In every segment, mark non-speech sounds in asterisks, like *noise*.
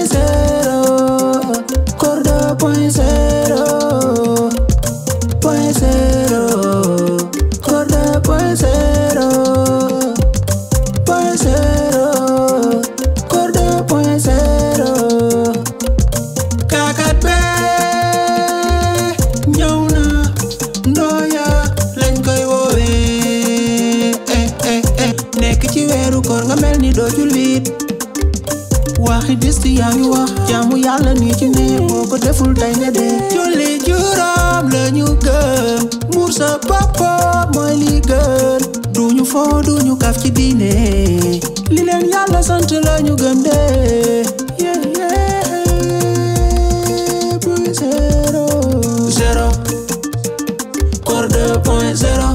point zero, oh, Cordo point zero. Oh. yaa ngi wax jaamu yàlla ni ci ne boo ko deful tey nga dee julli juróom la ñu gëm muur sa papa mooy li gën duñu foo duñu kaf ci diine li leen yàlla sant la ñu gëm dee zero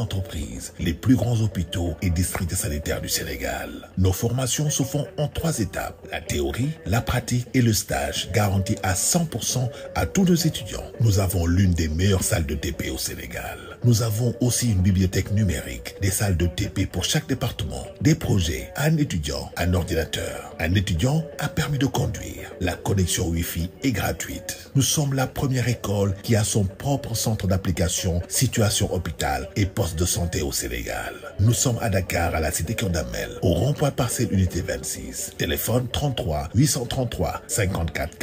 entreprises, les plus grands hôpitaux et districts sanitaires du Sénégal. Nos formations se font en trois étapes, la théorie, la pratique et le stage, garantis à à tous nos étudiants. Nous avons l'une des meilleures salles de TP au Sénégal. Nous avons aussi une bibliothèque numérique, des salles de TP pour chaque département, des projets, un La connexion wi a son propre centre d'application, situation hôpital et poste de santé au Sénégal. Nous sommes à Dakar, à la cité Kondamel, au rond-point parcelle unité 26. Téléphone 33 833 54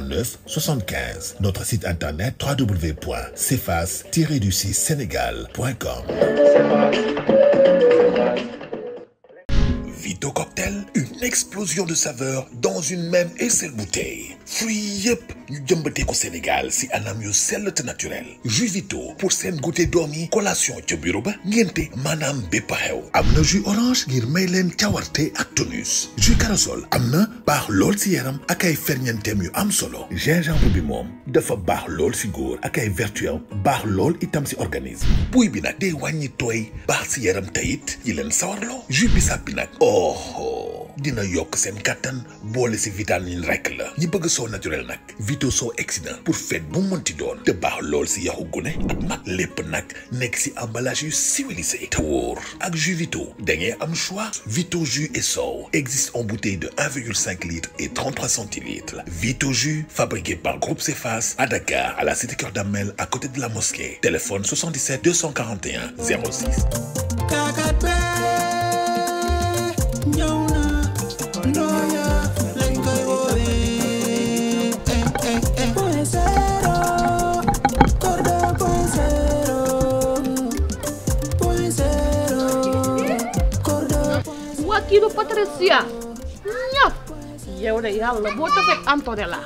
209 75. Notre site internet www.cefas-du-6sénégal.com. Vito Cocktail une explosion de saveur dans une même et seule bouteille fruits yi yëpp ñu jëmbatee ko Sénégal si anam yu sell te naturel jus Vito pour seen goûter doom yi collation ca bureau ba ngénte maanaam bépp xew am na jus orange ngir may leen cawarte ak tonus jus corossol am na baax lool si yaram ak ay ferñeenteem yu am solo gingembre bi moom dafa baax lool si góor ak ay vertu baax lool itam si organisme buy bi nag day wàññi tooy baax si yaram tayit yi leen sawarloo jus bissap bi oh, oh. dina yokk seen kàttan boole si vitamine rek la ñi bëgg soo naturel nag vito so exsident pour fête bu mënti doon te baax lool si yaxu gune ak mag lépp nag nekk si emballage yu civilisé te wóor ak jus vito da ngeen am choix vito jus et sow existe en bouteille de 1,5 litre et 33 centilitres vito jus fabriqué par Groupe Cefas à Dakar à la cité Keur Damel à côté de la mosquée téléphone 77 241 06 Patricia ñaf yow de yàlla boo tafeeg Antonella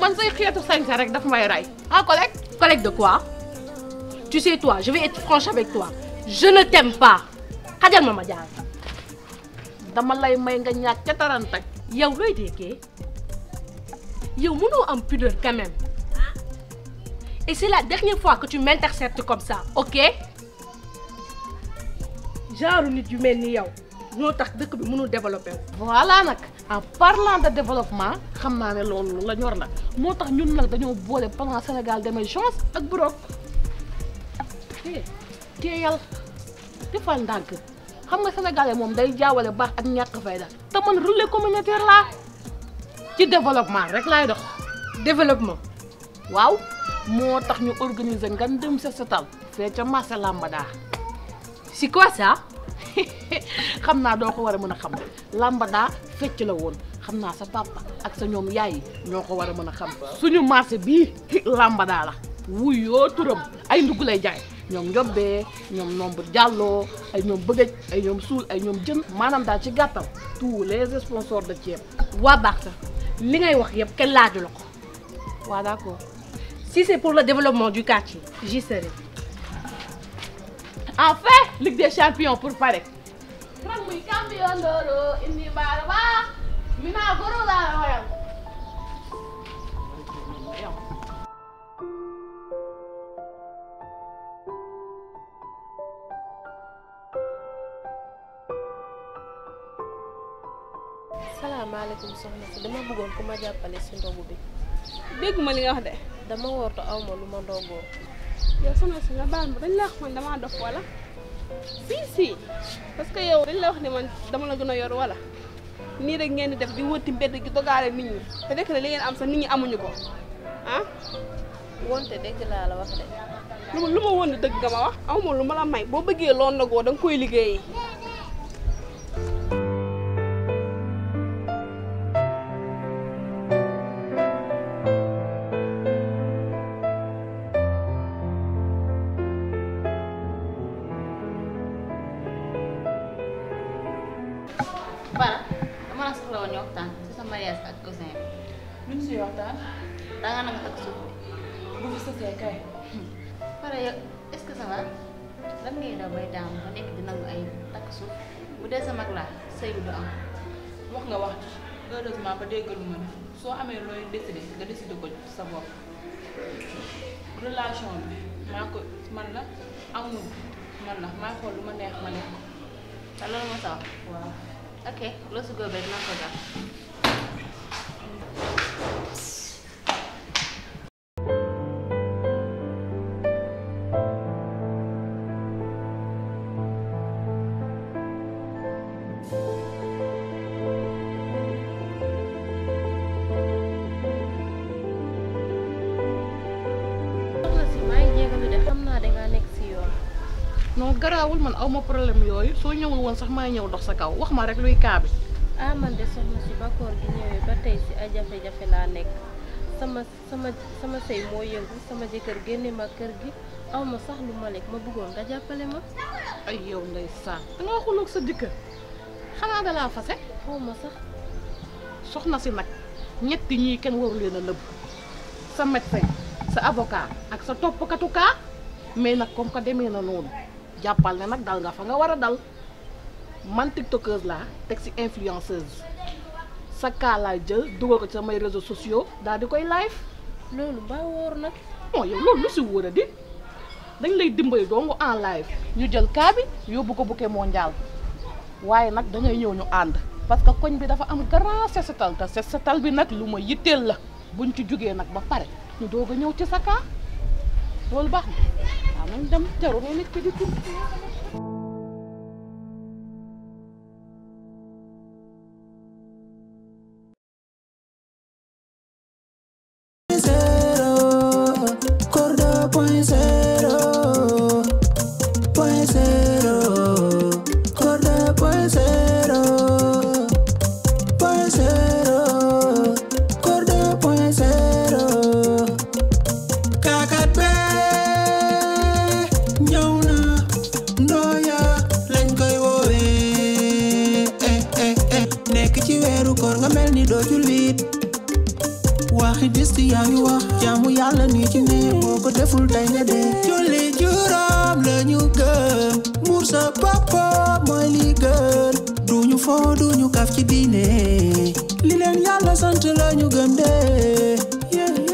man say xeetu sañse rek daf may rey ah collègue collègue de quoi tu sais toi je vais être avec toi je ne t'aime pas xajal ma ma jaar dama lay may nga ñaat ca tarantak yow looy déggee yow mënoo am pudeur quand même et c'est la dernière fois que tu m'interceptes comme ça ok genre nit yu mel ni yow ñoo tax dëkk bi mënul développé wu. voilà nag en parlant de développement xam naa ne loolu la ñor nag moo tax ñun nag dañoo boole plan Sénégal d'émergence ak Burok. eh teeyal defal ndànk xam nga sénégalais moom day jaawale baax ak ñàkk fayda te man relais communautaire laa ci développement rek laay dox. développement. waaw moo tax ñu organiser nga dem sa setal fee ca marché Lambada. c'est quoi ça. *laughs* xam naa doo ko war a mën a xam lambada fecc la woon xam naa sa papa ak sa ñoom yaay ñoo ko war a mën a xam suñu marché bii *laughs* lambada la wuy yoo turam ay ndugg lay jaay ñoom njobbee ñoom nombre jàlloo ay ñoom bëggëj ay ñoom suul ay ñoom jën maanaam daal ci gàttal tous les sponsors de ceeb waa baax sax li ngay wax yëpp kenn laaju la ko waaw d'accord si c'est pour la développement du quartier j'y serai enfin Ligue des champions pour Paris. muy campeón de oro en mi barba, mi nagoro salaamaaleykum soxna si dama bëggoon ku ma jàppale si ndogu bi. dégg ma li nga wax de. dama woor te aw ma lu ma ndogoo. yow soxna si nga baal ma dañ la wax man damaa dof wala si si parce que yow dañ la wax ne man dama la gën a yor wala nii rek ngeen di def di wëtti mbedd gi dogaale nit ñi te dekk na li am sax nit ñi amuñu ko ah wonte dëgg laa la wax de lu ma lu ma woon dëgg nga ma wax amuma lu ma la may boo bëggee loon nagoo da danga koy liggéeyi woon ñu waxtaan ci sa mariage ak cousin bi. luñ siy waxtaan. da nga nangu takk suuf bi. bu fi sësee eh. *laughs* kay. pare yow est-ce que ça va lan ngay daw bay daam ba nekk di nangu ay takk suuf bu dee sa mag laa sëy bi du am. wax nga wax heureusement ba déggalu ma ne soo amee looy décidé nga décidé ko sa bopp relation bi maa ko man la amul man la maa xool lu ma neex ma neex ko te loolu ma sa waaw. ok loo si góobee dina ko non garaawul man aw ma problème yooyu soo ñëwul woon sax may ñëw dox sa kaw wax ma rek luy kaa bi. ah man de soxna si ba koor gi ñëwee ba tey si ay jafe-jafe laa nekk sama sama sama sey moo yëngu sama jëkkër génnee ma kër gi aw ma sax lu ma lekk ma bëggoon nga jàppale ma. ay yow ndey saan da nga sa jëkkër xanaa da laa fase. aw ma sax. soxna si nag ñetti ñii kenn waru leen a nëbb sa médecin sa avocat ak sa toppkatu kaa mais nag comme que demee na noonu. jàppal ne nag dal nga fa nga war a dal man tiktokeuse laa teg ci influenceuse sa kaa laa jël dugal ko ci samay réseaux sociaux daal di koy live loolu ba wóor nag bon yow loolu lu si wóor dañ lay dimbali dong en live ñu jël kaa yóbbu ko bouquet mondial waaye nag dañuy ñëw ñu ànd parce que koñ bi dafa am grand set setal te set setal bi nag lu ma yitteel la bu buñ ci jógee nag ba pare ñu doog a ñëw ci sa kaa loolu baax na waaw man dem jarul nga nekk di tur. Christ yaa ngi wax jaamu yàlla nii ci ne boo ko deful day nga dee julli juróom la ñu gëm muur sa papa mooy li gën duñu foo duñu kaf ci diine li leen yàlla sant la ñu gëm dee